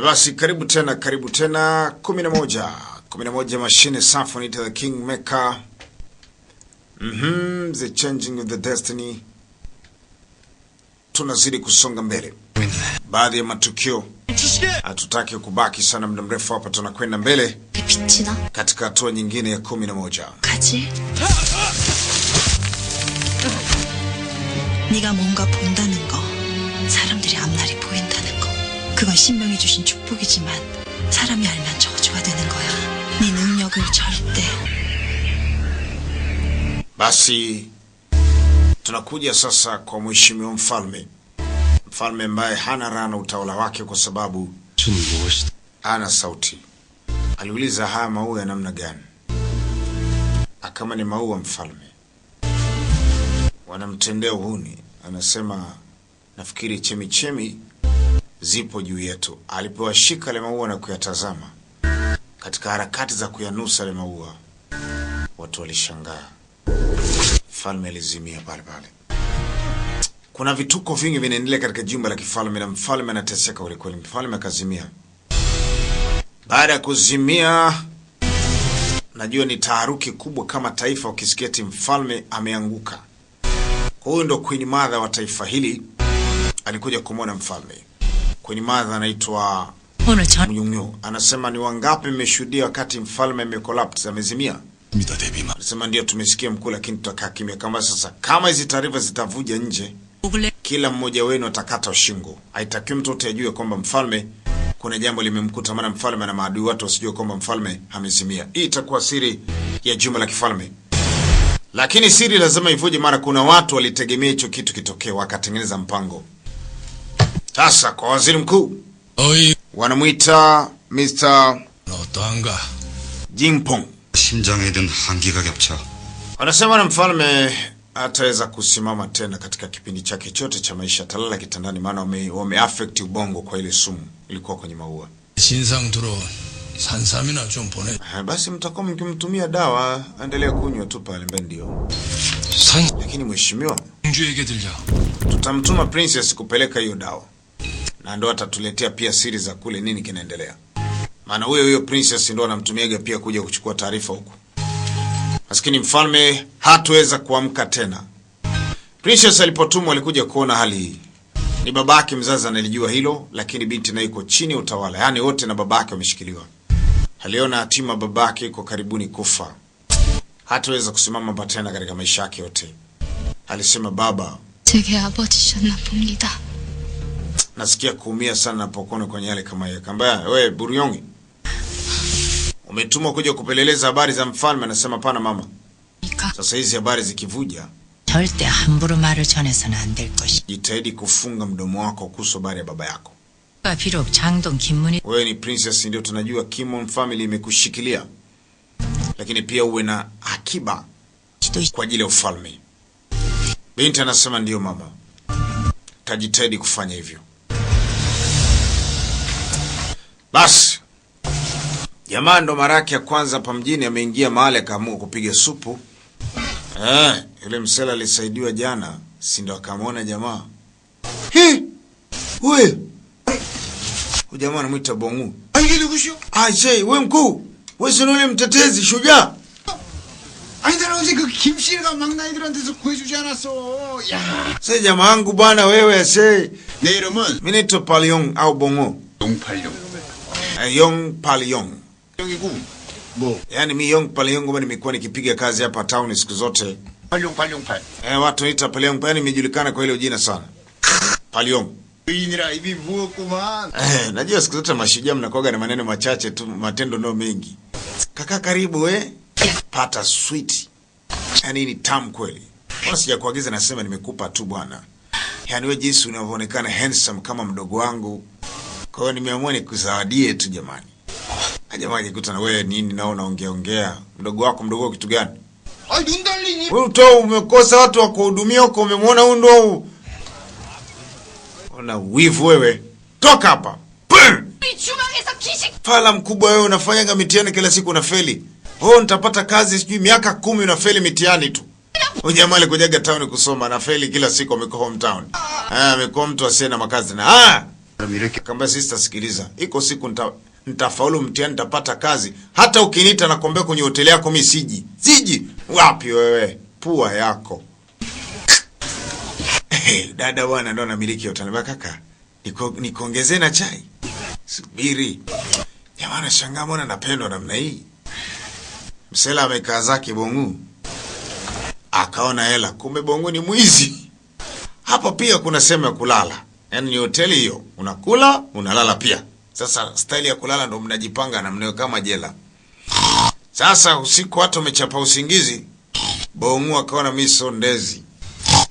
Basi karibu tena, karibu tena. kumi na moja kumi na moja mashine safi naita The King Maker. mm -hmm. The Changing of the Destiny. Tunazidi kusonga mbele, baadhi ya matukio hatutaki kubaki sana muda mrefu hapa, tunakwenda mbele katika hatua nyingine ya kumi na moja. Kaji. Niga monga ponda 그건 신명이 주신 축복이지만 사람이 알면 저주가 되는 거야. 네 능력을 절대. Basi tunakuja sasa kwa mheshimiwa mfalme, mfalme ambaye hana raha na utawala wake kwa sababu hana sauti. Aliuliza, haya maua ya namna gani? Akama ni maua mfalme, wanamtendea uhuni. Anasema nafikiri chemichemi zipo juu yetu. Alipowashika yale maua na kuyatazama katika harakati za kuyanusa yale maua, watu walishangaa. Mfalme alizimia pale pale. Kuna vituko vingi vinaendelea katika jumba la kifalme na mfalme anateseka kwelikweli. Mfalme akazimia. Baada ya kuzimia, najua ni taharuki kubwa kama taifa ukisikia ti mfalme ameanguka. Huyu ndo Queen Mother wa taifa hili alikuja kumwona mfalme kwenye madha anaitwa Mjung'yo anasema ni wangapi mmeshuhudia wakati mfalme amecollapse amezimia? Anasema ndio, tumesikia mkuu, lakini tutakaa kimya. Kama sasa, kama hizi taarifa zitavuja nje, kila mmoja wenu atakata ushingo. Haitakiwi mtu yote ajue kwamba mfalme kuna jambo limemkuta, maana mfalme na maadui watu wasijue kwamba mfalme amezimia. Hii itakuwa siri ya jumba la kifalme, lakini siri lazima ivuje, maana kuna watu walitegemea hicho kitu kitokee, wakatengeneza mpango. Sasa kwa waziri mkuu Oi. wanamwita Mr. Lotanga Jimpong Shimjang gyeopcha. Anasema na mfalme ataweza kusimama tena katika kipindi chake chote cha maisha, talala kitandani, maana wame, wame affect ubongo kwa ile sumu ilikuwa kwenye maua. Shinsang Basi mtakao mkimtumia dawa, endelea kunywa tu pale mbele ndio. Lakini mheshimiwa, tutamtuma princess kupeleka hiyo dawa na ndo atatuletea pia siri za kule nini kinaendelea, maana huyo huyo princess ndo anamtumiaga pia kuja kuchukua taarifa huko. Maskini mfalme hatuweza kuamka tena. Princess alipotumwa alikuja kuona hali hii. Ni babake mzazi analijua hilo, lakini binti naye iko chini utawala, yaani wote na babake wameshikiliwa. Aliona hatima babake iko karibuni kufa, Hatuweza kusimama pa tena katika maisha yake yote. Alisema, baba nasikia kuumia sana napokona kwenye yale kama yeye. Kambaya, we Buryongi. Umetumwa kuja kupeleleza habari za mfalme, anasema pana mama. Sasa hizi habari zikivuja, jitahidi kufunga mdomo wako kuhusu habari ya baba yako. Wewe ni princess, ndio tunajua Kimon family imekushikilia. Lakini pia uwe na akiba kwa ajili ya ufalme. Binti anasema ndio mama. Tajitahidi kufanya hivyo. Basi jamaa ndo mara yake ya kwanza pa mjini ameingia mahali akaamua kupiga supu. Eh, ile msela alisaidiwa jana, si ndo akamwona jamaa. He! Wewe. Huyu jamaa anamuita Bongu. Aingine kushio Ah, sei, wewe mkuu. Wewe si yule mtetezi shujaa. Aidara uzi 그 김씨가 막나이들한테서 구해주지 않았어. 야. Sasa jamaa wangu bwana wewe sei. 내 이름은 Minito Palion au Bongo. 080 Young kigumu Bo. Yaani mi young pale Yong nimekuwa nikipiga kazi hapa town siku zote. Palyong Palyong Pal. Eh, watu wanaita Palyong Pal, nimejulikana kwa ile jina sana. Palyong. Eh, najua siku zote mashujaa mnakuwaga na maneno machache tu, matendo ndio mengi. Kaka karibu eh. Pata sweet. Yaani ni tamu kweli. Mbona sijakuagiza nasema nimekupa tu bwana. Yaani wewe jinsi unavyoonekana handsome kama mdogo wangu. Kwa hiyo nimeamua nikusawadie tu jamani. Jamaa akikuta na wewe nini nao unaongea ongea. Mdogo wako mdogo kitu gani? Wewe utoa umekosa watu wa kuhudumia huko umemwona huyu ndo. Ona wivu wewe. Toka hapa. Fala mkubwa wewe unafanyanga mitihani kila siku unafeli. Oh, nitapata kazi sijui miaka kumi unafeli mitihani tu. Ujamaa alikujaga town kusoma na feli kila siku ameko hometown. Ah, ameko mtu asiye na makazi na ah Kamba sisi tasikiliza, iko siku nita nitafaulu mtihani, nitapata kazi. Hata ukiniita nakwambia kwenye hoteli yako mimi siji. Siji wapi wewe, pua yako hey, eh, dada bwana ndo anamiliki hoteli kaka, niko nikuongezee na chai. Subiri jamani, shangaa mbona napendwa namna hii. Msela amekaa zake Bongu akaona hela, kumbe Bongu ni mwizi. Hapa pia kuna sehemu ya kulala. Yaani ni hoteli hiyo, unakula unalala pia. Sasa staili ya kulala ndo mnajipanga na mnayo kama jela. Sasa usiku watu wamechapa usingizi, bongu akaona mimi sio ndezi,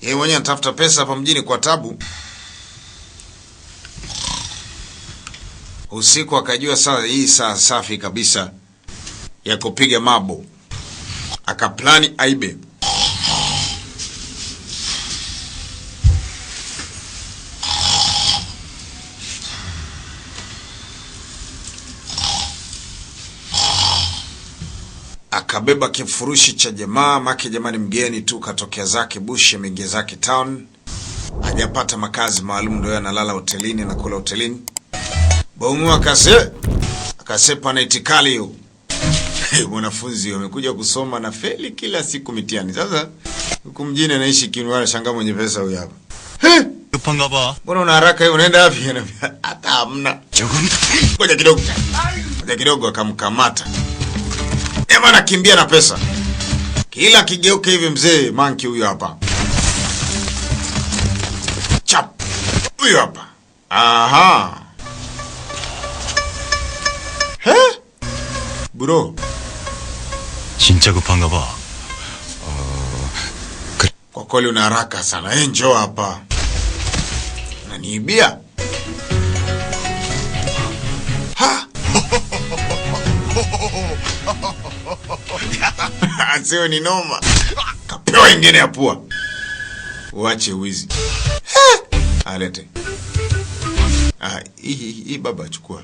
yeye mwenyewe anatafuta pesa hapa mjini kwa tabu. Usiku akajua saa hii saa safi kabisa ya kupiga mabo, akaplani aibe Akabeba kifurushi cha jamaa maki jamani mgeni tu, katokea zake bushi mingi zake town, hajapata makazi maalum, ndio analala hotelini na kula hotelini. Bongo akase akasepa na itikali hiyo mwanafunzi amekuja kusoma na feli kila siku mitiani Sasa huko mjini anaishi kinwa na shanga mwenye pesa huyo hapa. He! Upanga ba. Mbona una haraka hiyo unaenda wapi? Hata hamna. Ngoja kidogo. Ngoja kidogo akamkamata. Dema anakimbia na pesa. Kila kigeuke hivi mzee Manki huyo hapa. Chap. Huyo hapa. Aha. He? Bro. Chincha kupanga ba. Kwa kweli una haraka sana. Hey, njoo hapa. Unaniibia? Ha? Asiwe ni noma. Kapewa ingine ya pua. Uache wizi. Alete. Ah, hii hii baba chukua.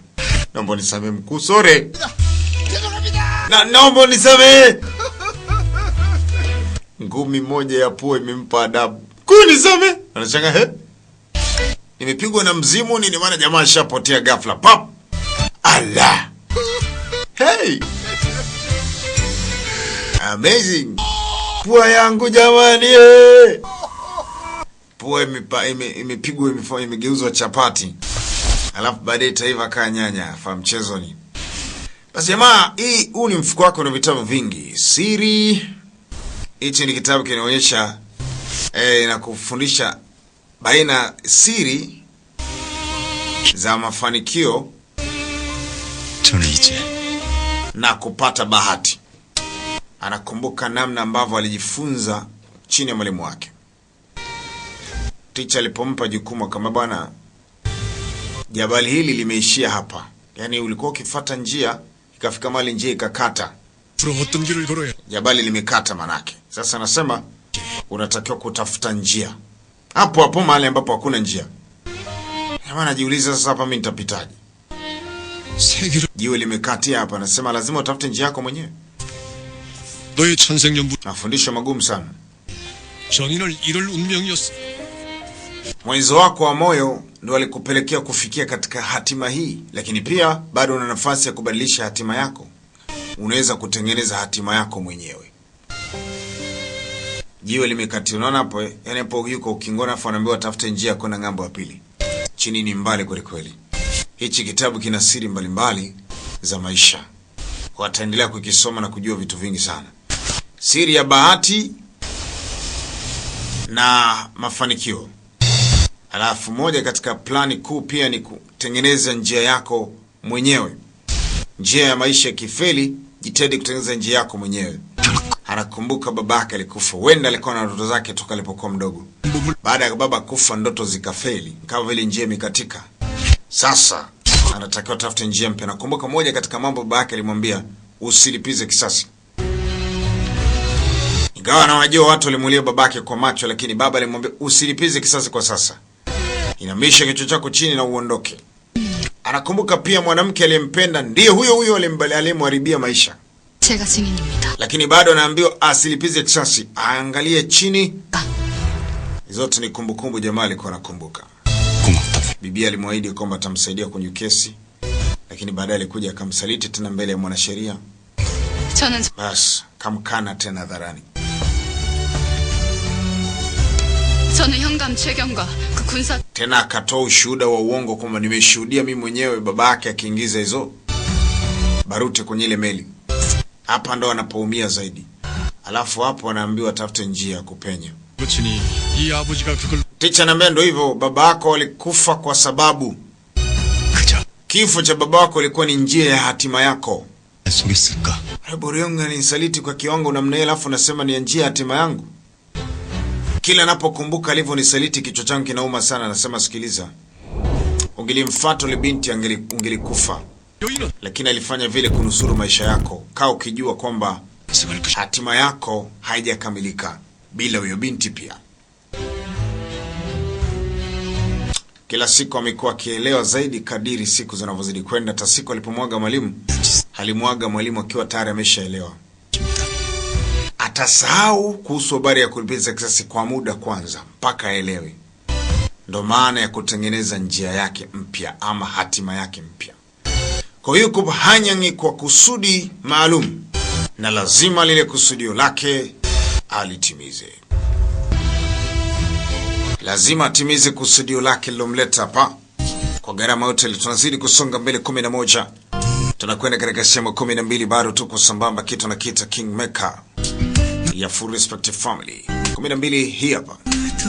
Naomba nisamee mkuu, sore. Na naomba nisamee. Ngumi moja ya pua imempa adabu. Kunisamee. Anachanga he? Nimepigwa na mzimu nini maana jamaa ashapotea ghafla. Pap. Ala. Hey. Amazing. Pua yangu jamani, eh. pua imepigwa ime, imegeuzwa chapati, alafu baadaye taiva kaa nyanya fa ni Basi jamaa, hii huu ni mfuko wako na vitabu vingi siri. Hichi ni kitabu kinaonyesha eh, na kufundisha baina siri za mafanikio na kupata bahati anakumbuka namna ambavyo alijifunza chini ya mwalimu wake. Ticha alipompa jukumu kama bwana, jabali hili limeishia hapa, yaani ulikuwa ukifata njia ikafika mali njia ikakata, jabali limekata manake. Sasa anasema unatakiwa kutafuta njia hapo hapo mahali ambapo hakuna njia. Jamaa anajiuliza sasa, hapa mimi nitapitaje? Jiwe limekatia hapa, nasema lazima utafute njia yako mwenyewe. 너의 천생연분. Mafundisho magumu sana. 정인을 이룰 운명이었어. Mwenzo wako wa moyo ndo alikupelekea kufikia katika hatima hii, lakini pia bado una nafasi ya kubadilisha hatima yako. Unaweza kutengeneza hatima yako mwenyewe. Jiwe limekati, Unaona hapo, yani hapo yuko ukingoni, afu anaambiwa tafute njia ya kwenda ng'ambo ya pili. Chini ni mbali kweli kweli. Hichi kitabu kina siri mbalimbali za maisha. Wataendelea kukisoma na kujua vitu vingi sana siri ya bahati na mafanikio. Alafu moja katika plani kuu pia ni kutengeneza njia yako mwenyewe. Njia ya maisha kifeli. jitahidi kutengeneza njia yako mwenyewe. Anakumbuka babake alikufa, huenda alikuwa na ndoto zake toka alipokuwa mdogo. Baada ya baba kufa, ndoto zikafeli, kama vile njia imekatika. Sasa anatakiwa tafute njia mpya. Nakumbuka moja katika mambo baba yake alimwambia, usilipize kisasi. Ingawa nawajua watu walimuulia babake kwa macho, lakini baba alimwambia usilipize kisasi kwa sasa, inamisha kichwa chako chini na uondoke. Anakumbuka pia mwanamke aliyempenda ndiye huyo huyo aliyemharibia maisha, lakini bado anaambiwa asilipize kisasi, aangalie chini. Zote ni kumbukumbu, jamaa alikuwa anakumbuka. Bibi alimwahidi kwamba atamsaidia kwenye kesi, lakini baadaye alikuja akamsaliti tena mbele ya mwanasheria. Bas, kamkana tena hadharani. 저는 현감 최경과 그 군사 tena akatoa ushuhuda wa uongo kwamba nimeshuhudia mimi mwenyewe baba yake akiingiza hizo baruti kwenye ile meli. Hapa ndo anapoumia zaidi, alafu hapo anaambiwa tafute njia ya kupenya. Ticha naambia ndo hivyo, baba yako alikufa kwa sababu Kucha. kifo cha baba yako ilikuwa ni njia ya hatima yako. Boriong nisaliti kwa kiwango namna ile, alafu nasema ni njia ya hatima yangu. Kila napokumbuka alivyonisaliti kichwa changu kinauma sana. Anasema sikiliza, ungelimfuata ile binti ungelikufa, lakini alifanya vile kunusuru maisha yako. Kaa ukijua kwamba hatima yako haijakamilika bila huyo binti pia. Kila siku amekuwa akielewa zaidi kadiri siku zinavyozidi kwenda. Hata alipomwaga mwalimu, alimwaga mwalimu akiwa tayari ameshaelewa atasahau kuhusu habari ya kulipiza kisasi kwa muda kwanza, mpaka aelewe. Ndo maana ya kutengeneza njia yake mpya ama hatima yake mpya. Kwa hiyo Yakub hanyangi kwa kusudi maalum, na lazima lile kusudio lake alitimize. Lazima atimize kusudio lake lilomleta hapa kwa gharama yote. Tunazidi kusonga mbele, kumi na moja tunakwenda katika sehemu kumi na mbili bado tuko sambamba, kitu na kita Kingmaker ya Full Respect Family 12 hii hapa.